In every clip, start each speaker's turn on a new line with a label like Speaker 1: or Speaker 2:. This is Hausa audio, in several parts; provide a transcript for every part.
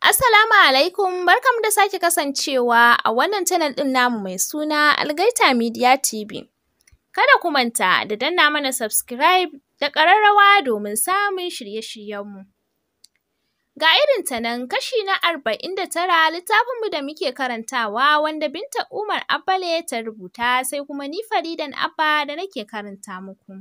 Speaker 1: Assalamu alaikum, barkamu da sake kasancewa a wannan channel ɗin namu mai suna Algaita Media TV. Kada ku manta da danna mana subscribe da ƙararrawa domin samun shirye-shiryenmu. Ga irin ta nan kashi na arba'in da tara littafin mu da muke karantawa wanda Binta Umar Abbale ta rubuta sai kuma ni Faridan Abba da nake karanta muku.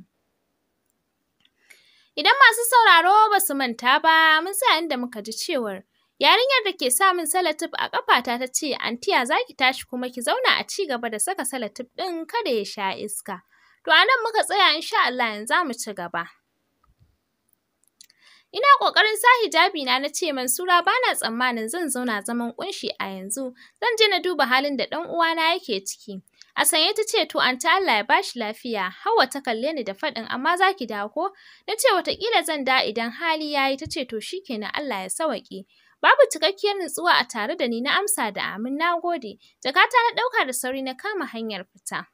Speaker 1: Idan masu sauraro ba su manta ba mun sa inda muka ji cewar yarinyar da ke samun salatif a kafata ta ce antiya za ki tashi kuma ki zauna a ci gaba da saka salatif ɗin kada ya sha iska. To a nan muka tsaya insha Allah yanzu za mu ci gaba. Ina ƙoƙarin sa hijabi na na ce Mansura sura bana tsammanin zan zauna zaman ƙunshi a yanzu, zan je na duba halin da ɗan uwana yake ciki. A sanye ta ce to an Allah ya bashi lafiya, Hauwa ta kalle ni da faɗin amma za ki dawo ko? Na ce wataƙila zan da idan hali ya yi ta ce to shi na Allah ya sawaƙe. Babu cikakkiyar nutsuwa a tare da ni na amsa da amin na gode, jakata na ɗauka da sauri na kama hanyar fita.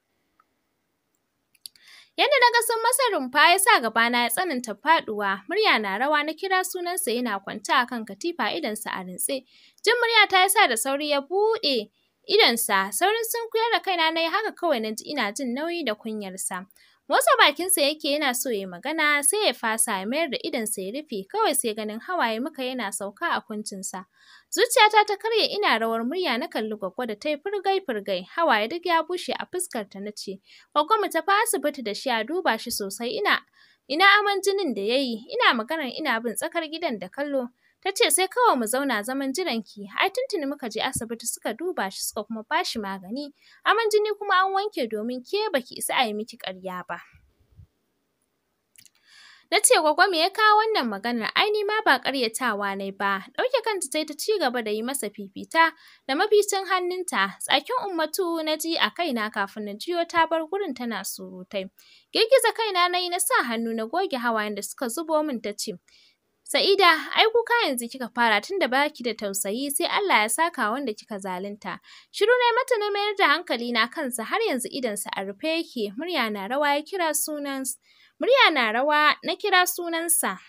Speaker 1: Yadda na ga sun masa rumfa ya sa gabana ya tsananta faɗuwa. murya na rawa na kira sunansa yana kwanta akan kan katifa idonsa a rintse. Jin murya ta ya sa da sauri ya buɗe idonsa, saurin sun kuyar da kaina na yi haka kawai na ji ina jin nauyi da kunyarsa. Motsa bakinsa yake yana so ya magana sai ya fasa ya mayar da idonsa ya rufe kawai sai ganin hawaye muka yana sauka a kuncinsa. Zuciyata ta karya ina rawar murya na kalli gwaggo da ta yi furgai furgai hawaye duk ya bushe a fuskar ta na ce gwaggo mu tafi asibiti da shi a duba shi sosai ina ina aman jinin da ya yi ina maganar ina bin tsakar gidan da kallo Ta ce sai kawai mu zauna zaman jiranki, ai tuntuni muka je asibiti suka duba shi suka kuma bashi shi magani, aman jini kuma an wanke domin ke baki isa a miki ƙarya ba. Na ce gwagwa me ya kawo wannan maganar ai ni ma ba ƙaryatawa ne ba. Ɗauke kanta sai ta ci gaba da yi masa fifita da mabicin hannunta. Tsakin ummatu na ji a kaina kafin na jiyo ta bar gurin tana surutai. Girgiza kaina na yi na sa hannu na goge hawayen da suka zubo min ta ce, Sa'ida, ai kuka yanzu kika fara tunda baki da tausayi sai Allah ya saka wanda kika zalunta. Shiru ne mata na mayar da hankali na kansa har yanzu idansa a rufe yake, murya na rawa ya kira sunan murya na rawa na kira sunansa.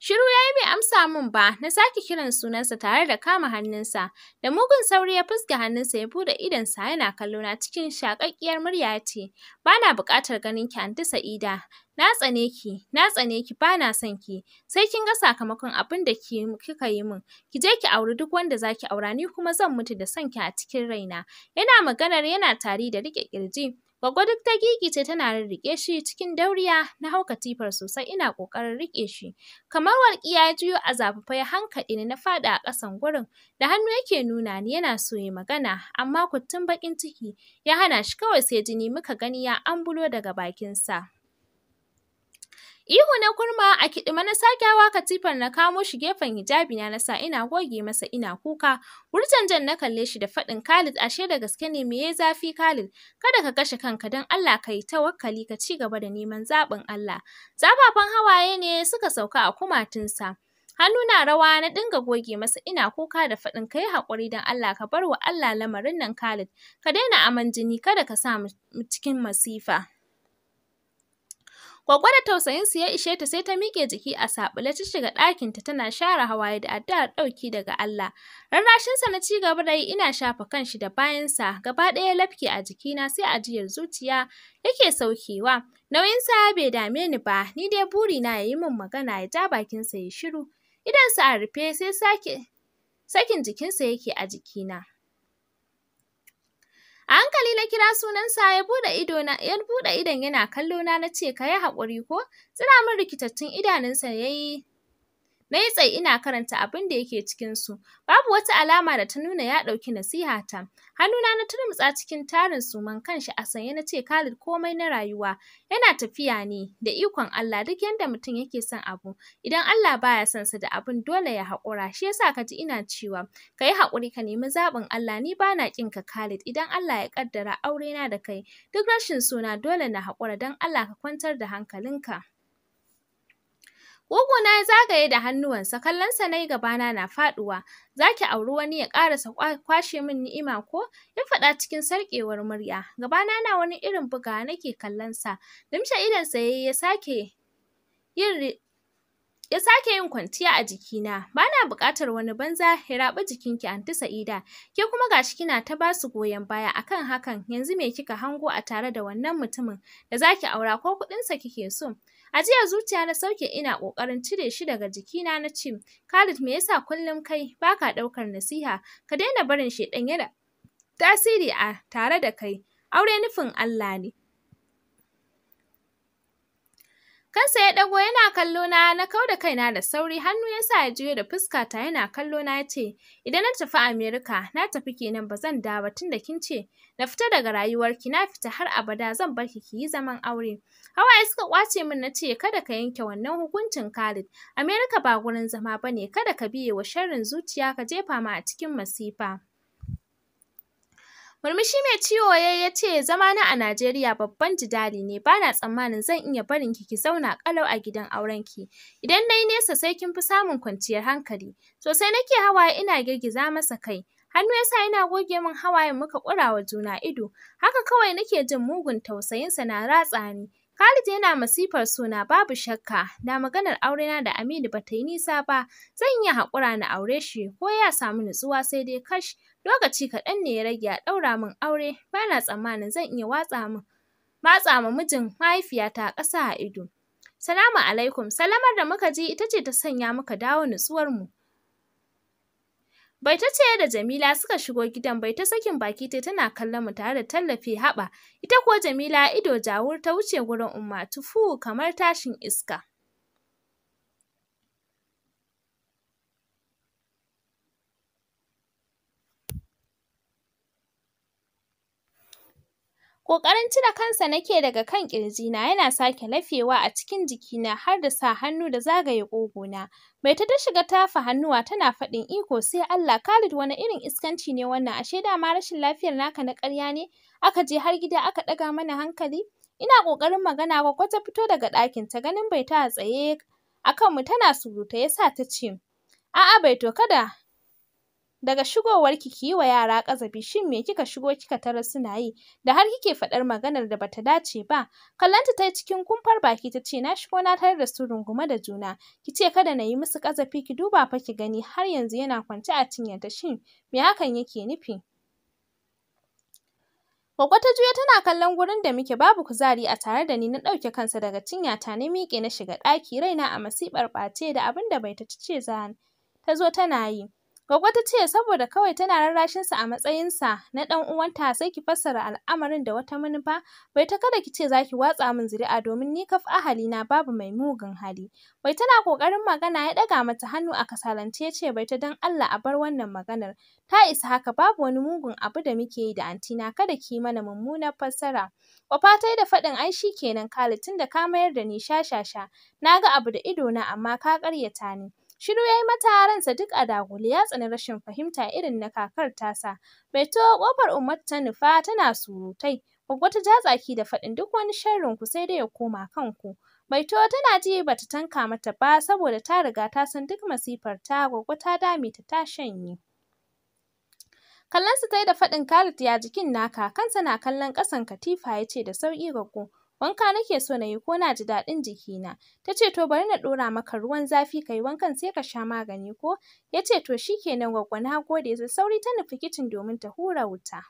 Speaker 1: Shiru ya yi bai amsa min ba, na sake kiran sunansa tare da kama hannunsa, da mugun sauri ya fuska hannunsa ya bude idonsa yana kallona cikin shakakkiyar murya ya ce, Ba buƙatar ganin ki anti Sa'ida, na tsane ki, na tsane ki, ba na son ki, sai kin ga sakamakon abin da kika yi min, ki je ki auri duk wanda za ki aura ni kuma zan mutu da son ki a cikin raina. Yana maganar yana tari da riƙe ƙirji, Gwaggo duk ta gigice tana riƙe shi cikin dauriya na hau katifar sosai ina ƙoƙarin riƙe shi. Kamar walƙiya ya juyo a zafafa ya hankaɗe ni na faɗi a ƙasan gurin. Da hannu yake nuna ni yana so ya magana amma kuttun baƙin ciki ya hana shi kawai sai jini muka gani ya ambulo daga bakin sa Ihu na kurma a kiɗi na sake hawa katifar na kamo shi gefen hijabi na nasa ina goge masa ina kuka. Wurjanjan na kalle shi da faɗin Khalid ashe da gaske ne me ya zafi Khalid. Kada ka kashe kanka don Allah ka yi tawakkali ka ci gaba da neman zaɓin Allah. Zababban hawaye ne suka sauka a kumatunsa. hannu na rawa na dinga goge masa ina kuka da faɗin kai haƙuri don Allah ka bar wa Allah lamarin nan Khalid ka daina aman jini kada ka sa mu cikin masifa Gwaggo da su ya ishe ta sai ta miƙe jiki a saɓule ta shiga ɗakinta tana share hawaye da addu'ar ɗauki daga Allah. sa na ci gaba da yi ina shafa kan shi da bayan sa gaba ɗaya lafke a jikina sai ajiyar zuciya yake saukewa. nauyin sa bai dame ni ba, ni dai burina ya yi min magana ya ja bakinsa ya shiru. su a rufe sai sake sakin jikinsa yake a jikina. A hankali na kira sunansa ya buɗe na ya buɗe idon yana kallo na nace yi haƙuri ko? Tsira min rikitattun idanunsa yayi Na yi tsaye ina karanta abin da yake cikinsu. Babu wata alama da ta nuna ya ɗauki ta. Hannuna na turmutsa cikin tarin suman kanshi a sanye na ce Khalid komai na rayuwa yana tafiya ne da ikon Allah duk yanda mutum yake son abu. Idan Allah baya son sa da abin dole ya haƙura shi yasa ka ji ina cewa ka yi haƙuri ka nemi zaɓin Allah ni bana ƙin ka Khalid idan Allah ya ƙaddara na da kai duk rashin suna dole na haƙura don Allah ka kwantar da hankalinka. Gogona ya zagaye da hannuwansa, kallonsa na yi gabana na faɗuwa. Za ki auri wani ya ƙarasa kwashe min ni'ima ko? Ya faɗa cikin sarƙewar murya. Gabana na wani irin buga nake kallonsa. Limshe idonsa ya ya sake yin ya sake yin kwanciya a jikina. Ba na buƙatar wani banza ya raɓi jikinki anti Sa'ida. Ke kuma gashi kina ta basu su goyon baya akan hakan yanzu me kika hango a tare da wannan mutumin da zaki aura ko kuɗinsa kike so? jiya zuciya na sauke ina ƙoƙarin cire shi daga jikina na ce, Khalid me yasa kullum kai ba ka ɗaukar nasiha, ka daina barin shi ɗan yana tasiri a tare da kai, aure nufin Allah ne. Kansa ya ɗago yana kallo na na kau da kaina da sauri hannu ya sa ya juyo da fuska ta yana kallo na ya ce idan na tafi Amerika na tafi kenan ba zan dawo tun da kin ce na fita daga rayuwarki na fita har abada zan bar ki ki yi zaman aure. ya suka kwace min na ce kada ka yanke wannan hukuncin Khalid Amerika ba gurin zama bane kada ka biye wa sharrin zuciya ka jefa ma a cikin masifa. Murmushi mai ciwo ya ya ce na a Najeriya babban jidali ne ba na tsammanin zan iya barin ki ki zauna kalau a gidan auren ki Idan na yi nesa sai kin fi samun kwanciyar hankali. Sosai nake hawaye ina girgiza masa kai. Hannu yasa yana goge min hawayen muka ƙura juna ido. Haka kawai nake jin mugun tausayinsa na ratsa ni. Khalid yana masifar suna babu shakka, da maganar aurena da Aminu ba ta yi nisa ba, zan iya haƙura na aure shi ko ya samu nutsuwa sai dai kash, lokaci kaɗan ne ya rage a ɗaura min aure, Bana tsammanin zan iya watsa min matsa ma mijin mahaifiyata a ƙasa a ido. Salamu alaikum, salamar da muka ji ita ce ta sanya muka dawo nutsuwar mu. Baita ce da Jamila suka shigo gidan Baita sakin baki tai tana kallon mu tare da tallafi haɓa. Ita kuwa Jamila ido jawur ta wuce gurin Umma tufu kamar tashin iska. Ƙoƙarin cire kansa nake daga kan ƙirji na, yana sake lafewa a cikin jikina har da sa hannu da zagaye ƙuguna. Mai ta ta shiga tafa hannuwa tana faɗin iko sai Allah Khalid wani irin iskanci ne wannan ashe dama rashin lafiyar naka na ƙarya ne aka je har gida aka ɗaga mana hankali. Ina ƙoƙarin magana gwaggo ta fito daga ɗakin ta ganin bai ta tsaye a kanmu tana surutu yasa sa ta ce a'a bai to kada daga shigowar ki yi wa yara ƙazafi shin me kika shigo kika tara suna yi da har kike faɗar maganar da bata dace ba kallanta ta cikin kumfar baki ta ce na shigo na tare da su runguma da juna ki ce kada na yi musu ƙazafi ki duba fa ki gani har yanzu yana kwance a cinyar ta shin me hakan yake nufi Gwaggo ta juya tana kallon gurin da muke babu kuzari a tare da ni na ɗauke kansa daga cinya ta na miƙe na shiga ɗaki raina a masibar ɓace da abin da bai ta ce za ta zo tana yi. Goggo ta ce saboda kawai tana rarrashin sa a matsayin sa na ɗan uwanta sai ki fassara al'amarin da wata manufa bai ta kada ki ce zaki watsa min zuri'a domin ni kaf ahali na babu mai mugun hali. Bai tana ƙoƙarin magana ya ɗaga mata hannu a kasalance ya ce bai ta dan Allah a bar wannan maganar. Ta isa haka babu wani mugun abu da muke yi da na kada ki yi mana mummunar fassara. Kwafa ta yi da faɗin ai shi kenan Khalid tun da ka mayar da ni shashasha na ga abu da ido na amma ka ƙaryata ni. Shiru ya yi mata ransa duk a dagule ya tsani rashin fahimta irin na kakar tasa. Bai to ƙofar Ummatu ta nufa tana surutai. Gwaggo ta ja tsaki da faɗin duk wani sharrin ku sai dai ya koma kanku. Baito tana ji ta tanka mata ba saboda ta riga ta san duk masifar ta gwaggo ta dame ta ta shanye. Kallonsa ta yi da faɗin Khalid ya jikin naka kansa na kallon ƙasan katifa ya ce da sauƙi gwaggo. Wanka nake so na yi ko na ji daɗin jikina. Ta ce to bari na ɗora maka ruwan zafi ka yi wankan sai ka sha magani ko? Ya ce to shi kenan gwaggwa na gode da sauri ta nufi kicin domin ta hura wuta.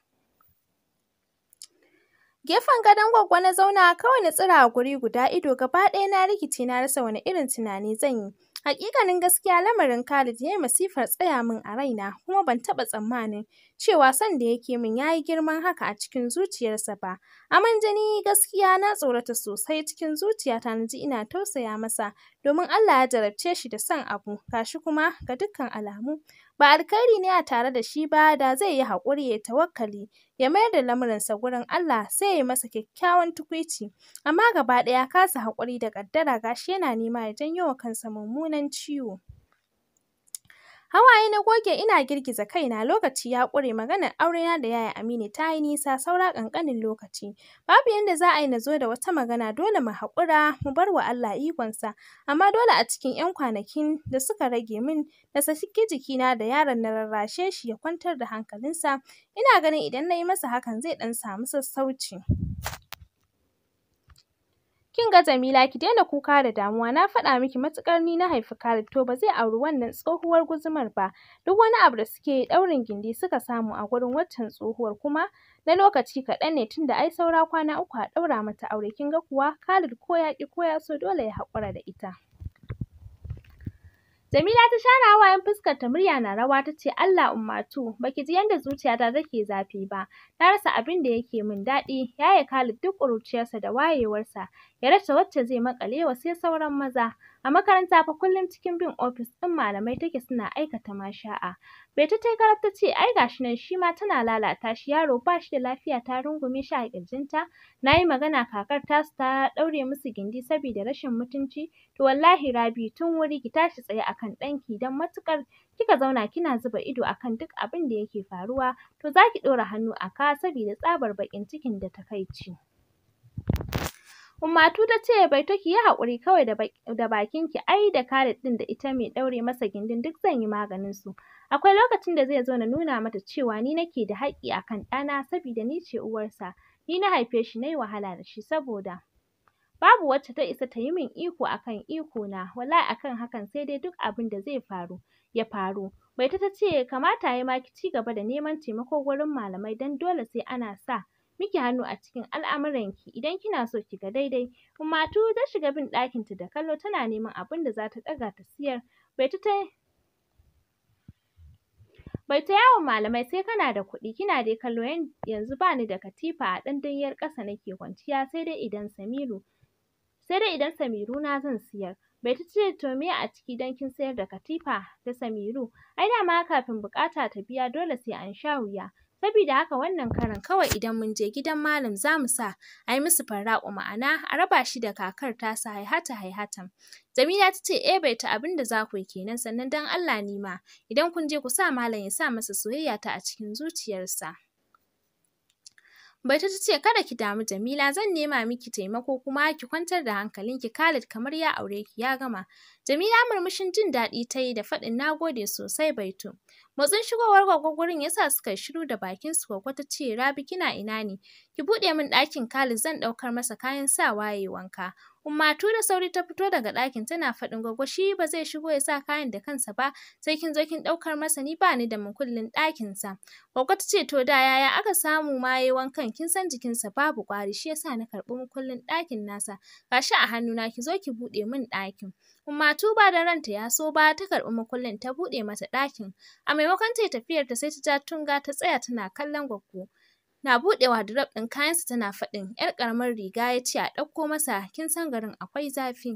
Speaker 1: Gefen gadon gwaggwa na zauna kawai na tsira a guri guda ido gaba ɗaya na rikici na rasa wani irin tunani zan yi. Hakikanin gaskiya lamarin Khalid ya yi masifar tsaya min a raina kuma ban taba tsammanin cewa son da yake min ya yi girman haka a cikin zuciyarsa ba. Aman jini gaskiya na tsorata sosai cikin zuciyata na ji ina tausaya masa domin Allah ya jarabce shi da son abu gashi kuma ga dukkan alamu ba alkhairi ne a tare da shi ba da zai yi haƙuri ya tawakkali ya mayar da lamuransa gurin Allah sai ya yi masa kyakkyawan tukwici amma gaba ɗaya ya kasa haƙuri da ƙaddara gashi yana nema ya janyo wa kansa mummunan ciwo. Hawaye na goge ina girgiza kaina lokaci ya ƙure maganar aurena da yaya Aminu ta yi nisa saura ƙanƙanin lokaci. Babu yadda za a yi na zo da wata magana dole mu haƙura mu bar wa Allah ikonsa. Amma dole a cikin 'yan kwanakin da suka rage min na saki jikina da yaron na rarrashe shi ya kwantar da hankalinsa. Ina ganin idan na yi masa hakan zai ɗan samu sassauci. Kin ga Jamila ki daina kuka da damuwa na faɗa miki matuƙar ni na haifi Khalid to ba zai auri wannan tsohuwar guzumar ba. Duk wani abu da suke yi ɗaurin gindi suka samu a gurin waccan tsohuwar kuma na lokaci kaɗan ne tunda ai saura kwana uku a ɗaura mata aure kin ga kuwa Khalid ko ya ƙi ko ya so dole ya haƙura da ita. Jamila ta share hawayen ta murya na rawa ta ce Allah Ummatu baki ji yanda zuciyata take zafi ba ta rasa abin da yake min daɗi yaye Khalid duk ƙuruciyarsa da wayewarsa ya rasa wacce zai maƙale wa sai sauran maza A makaranta fa kullum cikin bin ofis ɗin malamai take suna aikata masha'a. bai ta yi karaf ta ce ai gashi nan shi ma tana lalata shi yaro ba shi da lafiya ta rungume shi a ƙirjinta. Na yi magana kakar tasu ta ɗaure musu gindi saboda rashin mutunci. To wallahi Rabi tun wuri ki tashi tsaye akan ɗanki don matuƙar kika zauna kina zuba ido akan duk abin da yake faruwa to za ki ɗora hannu a kawa saboda tsabar baƙin cikin da ta takaici. Ummatu ta ce, ta ki yi haƙuri kawai da bakin ki ai da kare ɗin da ita mai ɗaure masa gindin duk zan yi maganin su. Akwai lokacin da zai zo na nuna mata cewa ni nake da haƙƙi a kan ɗana saboda ni ce uwarsa, ni na haife shi na yi wahala da shi saboda. Babu wacce ta isa ta yi min iko akan iko na, wala akan hakan sai dai duk abin da zai faru ya faru. Baita ta ce, kamata ya ma ki ci gaba da neman taimako wurin malamai don dole sai ana sa miki hannu a cikin al'amuranki idan kina so ki ga daidai. tu ta shiga bin ɗakinta da kallo tana neman abin da za ta ɗaga ta siyar. Bai ta Baita malamai sai kana da kuɗi kina dai kallo yanzu ba ni da katifa a ɗanɗanyar ƙasa nake kwanciya sai dai idan Samiru sai dai idan Samiru na zan siyar. ta ce to me a ciki don kin sayar da katifa ta Samiru? Ai da ma kafin buƙata ta biya dole sai an sha wuya. Sabida haka wannan karin kawai idan mun je gidan malam za mu sa a yi musu farraƙo ma'ana a raba shi da kakar tasa haihata haihatan. Jamila ta ce eh bai ta abin da za ku yi kenan sannan don Allah ni ma idan kun je ku sa malam ya sa masa soyayya ta a cikin zuciyarsa. Baita ta ce kada ki damu Jamila zan nema miki taimako kuma ki kwantar da hankalinki Khalid kamar ya aure ki ya gama. Jamila murmushin jin daɗi ta yi da faɗin nagode sosai Baitu. Motsin shigowar gwaggon gurin ya sa suka shiru da su, gwaggo ta ce, Rabi kina ina ne? Ki buɗe min ɗakin Khalid zan ɗaukar masa kayan sawa waye wanka. Ummatu da sauri ta fito daga ɗakin tana faɗin gwaggo shi ba zai shigo ya sa kayan da kansa ba sai kin zo kin ɗaukar masa ni ba ni da mukullin ɗakinsa. Gwaggo ta ce to da yaya aka samu ma yayi wankan kin san jikinsa babu ƙwari shi yasa na karɓi mukullin ɗakin nasa gashi a hannuna ki zo ki buɗe min ɗakin. Ummatu ba da ranta ya so ba ta karɓi mukullin ta buɗe mata ɗakin. A maimakon ta yi tafiyar ta sai ta ja tunga ta tsaya tana kallon gwaggo. Na buɗewa drop ɗin kayansa tana faɗin ‘yar ƙaramar riga ya ce a ɗauko masa kin san garin akwai zafi.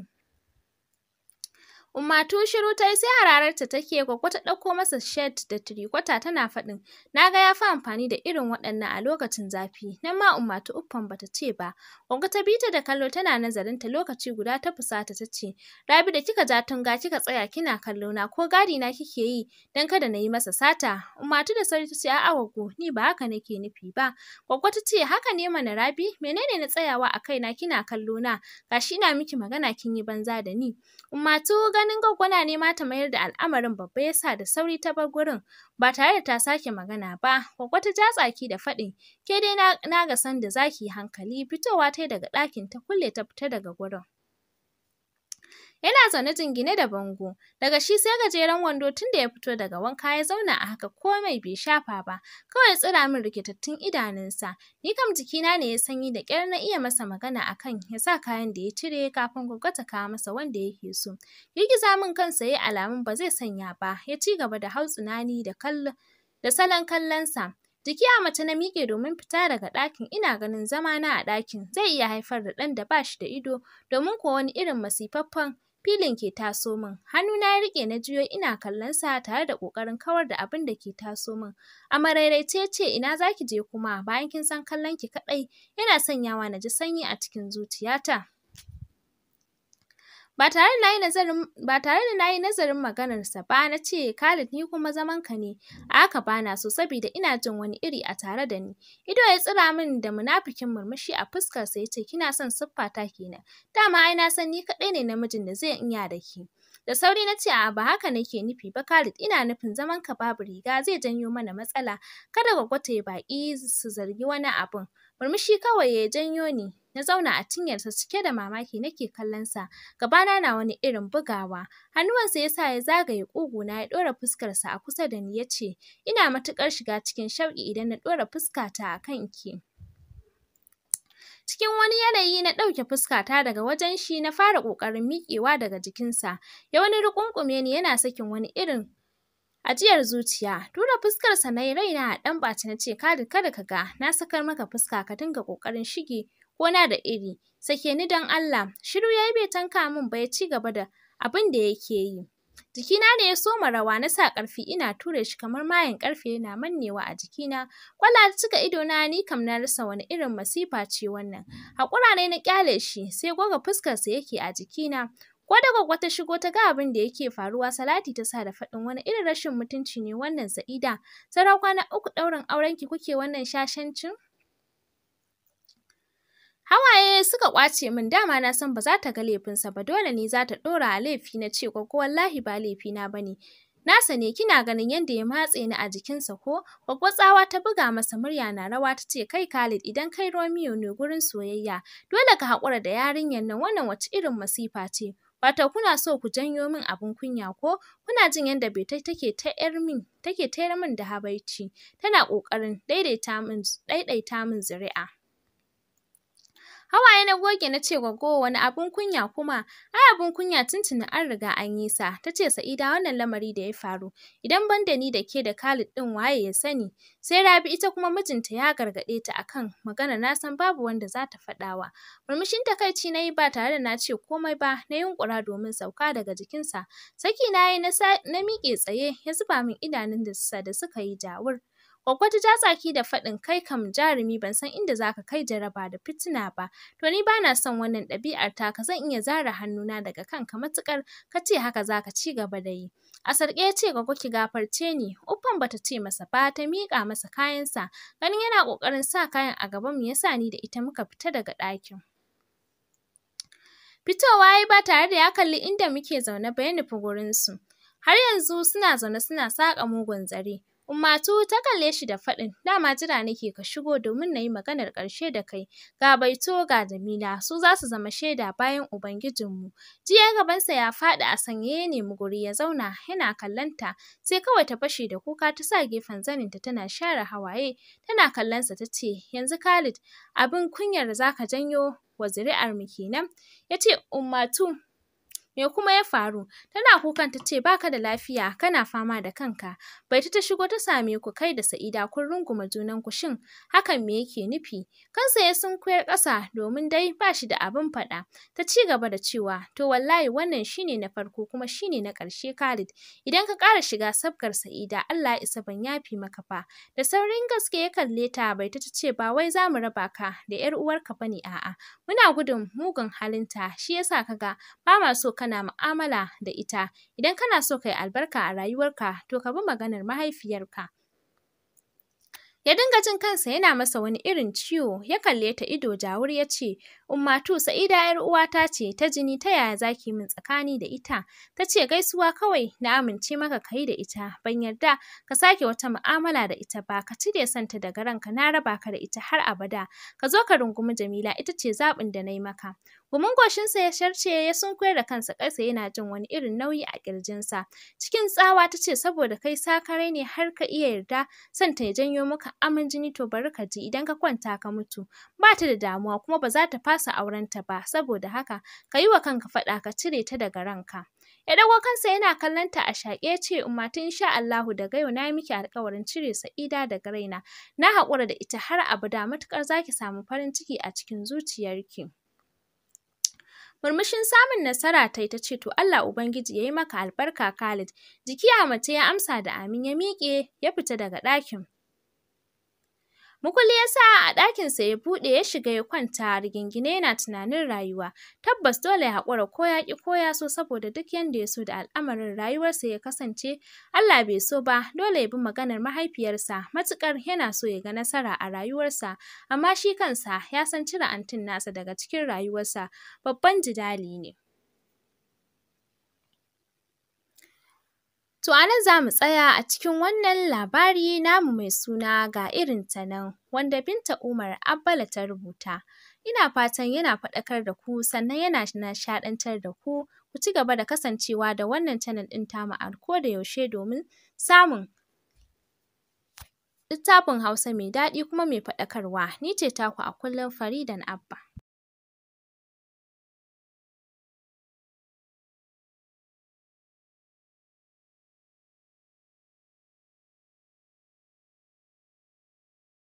Speaker 1: Ummatu shiru ta yi sai hararta take gwaggo ta ɗauko masa shed da tirikwata tana faɗin na ga ya fi amfani da irin waɗannan a lokacin zafi nan ma Ummatu uffan bata ce ba Goggo ta bita da kallo tana nazarin ta. lokaci guda ta fusata ta ce Rabi da kika ja tunga kika tsaya kina kallo na ko gadi na kike yi dan kada na yi masa sata Ummatu da sauri ta ce a'a gwaggo ni ba haka nake nufi ba Goggo ta ce haka ne mana Rabi menene na tsayawa a kaina kina kallo na gashi ina miki magana kin yi banza da ni Ummatu gan Ganin gwaggwana ne ma ta mayar da al'amarin babba ya sa da sauri ta bar gurin ba tare da ta sake magana ba. Gwaggwa ta ja tsaki da faɗi, ke dai na ga san da zaki yi hankali, fitowa ta daga ɗakin ta kulle ta fita daga gurin. Yana zaune jingine da bango, daga shi sai gajeren wando tun da ya fito daga wanka ya zauna a haka komai bai shafa ba, kawai tsira min rikitattun idanunsa. Ni kam jikina ne ya sanyi da ƙyar na iya masa magana a kan ya sa kayan da ya cire kafin gwaggo ta kawo masa wanda ya so. Girgiza min kansa ya alamun ba zai sanya ba, ya ci gaba da hau da kallon da salon kallonsa. Jiki a mace na miƙe domin fita daga ɗakin ina ganin zama na a ɗakin zai iya haifar da ɗan da ba shi da ido domin kuwa wani irin masifaffen filin ke taso min. Hannuna ya rike na jiyo ina kallon sa tare da ƙoƙarin kawar da abin da ke taso min. A marairaice ce ina zaki je kuma bayan kin san kallon ki kaɗai yana sanyawa na ji sanyi a cikin zuciyata. Ba tare da nayi nazarin nazarin maganarsa ba na ce Khalid ni kuma zaman ka ne a bana so saboda ina jin wani iri a tare da ni. Ido ya tsira min da munafikin murmushi a fuskarsa ya ce kina son siffata kenan. Dama ai na san ni kaɗai ne namijin da zai iya da ke. Da sauri na ce a'a ba haka nake nufi ba Khalid ina nufin zaman ka babu riga zai janyo mana matsala kada ka ya baki su zargi wani abun. Murmushi kawai ya janyo ni. Na zauna a cinyarsa cike da mamaki nake kallonsa, gabana na wani irin bugawa. Hannuwansa ya sa ya zagaye na ya ɗora fuskarsa a kusa da ni ya Ina matuƙar shiga cikin shauƙi idan na ɗora fuskata a ki Cikin wani yanayi na ɗauke fuskata daga wajen shi na fara ƙoƙarin miƙewa daga jikinsa, ya wani riƙunƙume ni yana sakin wani irin ajiyar zuciya. Tura fuskarsa na yi raina a ɗan ɓaci na ce, kada kada ka ga, na sakar maka fuska ka dinga ƙoƙarin shige Ko na da iri, sake ni don Allah. Shiru ya yi bai tanka min ba ya ci gaba da abin da yake yi. Jikina ne ya soma rawa na sa ƙarfi ina ture shi kamar mayan ƙarfe yana mannewa a jikina. Kwala ta cika idona ni kam na rasa wani irin masifa ce wannan. Haƙura ne na ƙyale shi sai goga fuskarsa yake a jikina. Ko da ta shigo ta ga abin da yake faruwa Salati ta sa da faɗin wani irin rashin mutunci ne wannan Sa'ida. Sarakwa kwana uku ɗaurin aurenki kuke wannan shashancin? Hawaye suka kwace min dama na san ba za ta ga laifinsa ba dole ne za ta ɗora a laifi na ce ko wallahi ba laifina ba ne. Nasa ne kina ganin yadda ya matse ni a jikinsa ko babbar tsawa ta buga masa murya na rawa ta ce kai Khalid idan kai Romeo ne gurin soyayya dole ka haƙura da yarinyar nan wannan wace irin masifa ce. Wato kuna so ku janyo min abin kunya ko kuna jin yadda Betai take ta yar min take tayar min da habaici tana ƙoƙarin daidaita min daidaita min zuri'a. Hawaye na goge na ce gwaggo wani abin kunya kuma, ai abin kunya tuntuni an riga an yi sa, ta ce Sa'ida wannan lamari da ya faru, idan banda ni da ke da Khalid ɗin waye ya sani, sai Rabi ita kuma mijinta ya gargaɗe ta akan magana na san babu wanda za ta faɗawa. Murmushin takaici na yi ba tare da na ce komai ba, na yunkura domin sauka daga jikinsa. Saki na yi na miƙe tsaye ya zuba min idanun da da suka yi jawur. gwaggwata ta ja tsaki da faɗin kai kam jarumi ban san inda zaka kai jaraba da fitina ba. To ni bana son wannan ɗabi'ar taka zan iya zara hannuna daga kanka matuƙar ka ce haka zaka ci gaba da yi. A sarƙe ya ce gwaggo ki gafarce ni. Uffan bata ce masa ba ta miƙa masa kayansa. Ganin yana ƙoƙarin sa kayan a gaban mu yasa ni da ita muka fita daga ɗakin. Fitowa ya ba tare da ya kalli inda muke zaune ba ya nufi su Har yanzu suna zaune suna saƙa mugun zare. Ummatu ta kalle shi da faɗin, dama jira nake ka shigo domin na yi maganar ƙarshe da kai, ga baito ga Jamila su za su zama shaida bayan Ubangijinmu. Jiya gabansa ya faɗi a sanye ya nemi guri ya zauna yana kallonta, sai kawai ta fashe da kuka ta sa gefen zaninta tana share hawaye, tana kallonsa ta ce, yanzu Khalid abin kunyar za ka janyo wa zuri'armu kenan. Ya ce, Ummatu Me kuma ya faru? Tana kukan ta ce ba da lafiya kana fama da kanka. Bai ta shigo ta same ku kai da Sa'ida kun runguma junan ku shin hakan me yake nufi? Kansa ya sun kuyar ƙasa domin dai ba shi da abin faɗa. Ta ci gaba da cewa to wallahi wannan shine na farko kuma shine na ƙarshe Khalid. Idan ka ƙara shiga sabgar Sa'ida Allah ya isa ban yafi maka fa. Da saurin gaske ya kalle ta bai ta ce ba wai za mu raba ka da 'yar uwarka bane a'a. Muna gudun mugun halinta shi yasa kaga ba ma so kana mu'amala da ita idan kana so ka yi albarka a rayuwarka to ka bi maganar mahaifiyarka ya dinga jin kansa yana masa wani irin ciwo ya kalle ta ido jawur ya ce ummatu sa'ida yar uwata ce ta jini ta yaya zaki min tsakani da ita ta ce gaisuwa kawai na amince maka kai da ita ban yarda ka sake wata mu'amala da ita ba ka cire santa daga ranka na raba ka da ita har abada ka zo ka rungumi jamila ita ce zaɓin da na yi maka Gumin ya sharce ya sunkuyar da kansa ƙasa yana jin wani irin nauyi a ƙirjinsa. Cikin tsawa ta ce saboda kai sakare ne har ka iya yarda son ta janyo maka aman jini to bari ka ji idan ka kwanta ka mutu. Ba ta da damuwa kuma ba za ta fasa aurenta ba saboda haka ka yi wa kanka faɗa ka cire ta daga ranka. Ya dago kansa yana kallon ta a shaƙe ya ce umma tun sha Allahu daga yau na yi miki alƙawarin cire Sa'ida daga raina. Na haƙura da ita har abada matuƙar za ki samu farin ciki a cikin zuciyarki. Murmushin samun nasara ta ita ce to Allah Ubangiji ya yi maka albarka Khalid. Jiki a mace ya amsa da amin ya miƙe ya fita daga ɗakin. Mukulli ya sa a ɗakinsa ya buɗe ya shiga ya kwanta rigingine yana tunanin rayuwa. Tabbas dole ya haƙura ko ya ƙi ko ya so saboda duk yanda ya so da al'amarin rayuwarsa ya kasance Allah bai so ba dole ya bi maganar mahaifiyarsa matuƙar yana so ya ga nasara a rayuwarsa amma shi kansa ya san cire antin nasa daga cikin rayuwarsa babban jidali ne. To a nan za mu tsaya a cikin wannan labari namu mai suna ga irin ta nan wanda Binta Umar Abbala ta rubuta. Ina fatan yana faɗakar da ku sannan yana nashaɗantar da ku ku ci gaba da kasancewa da wannan channel ɗin tamu a da yaushe domin samun littafin Hausa mai daɗi kuma mai faɗakarwa. Ni ce taku a kullum Faridan Abba.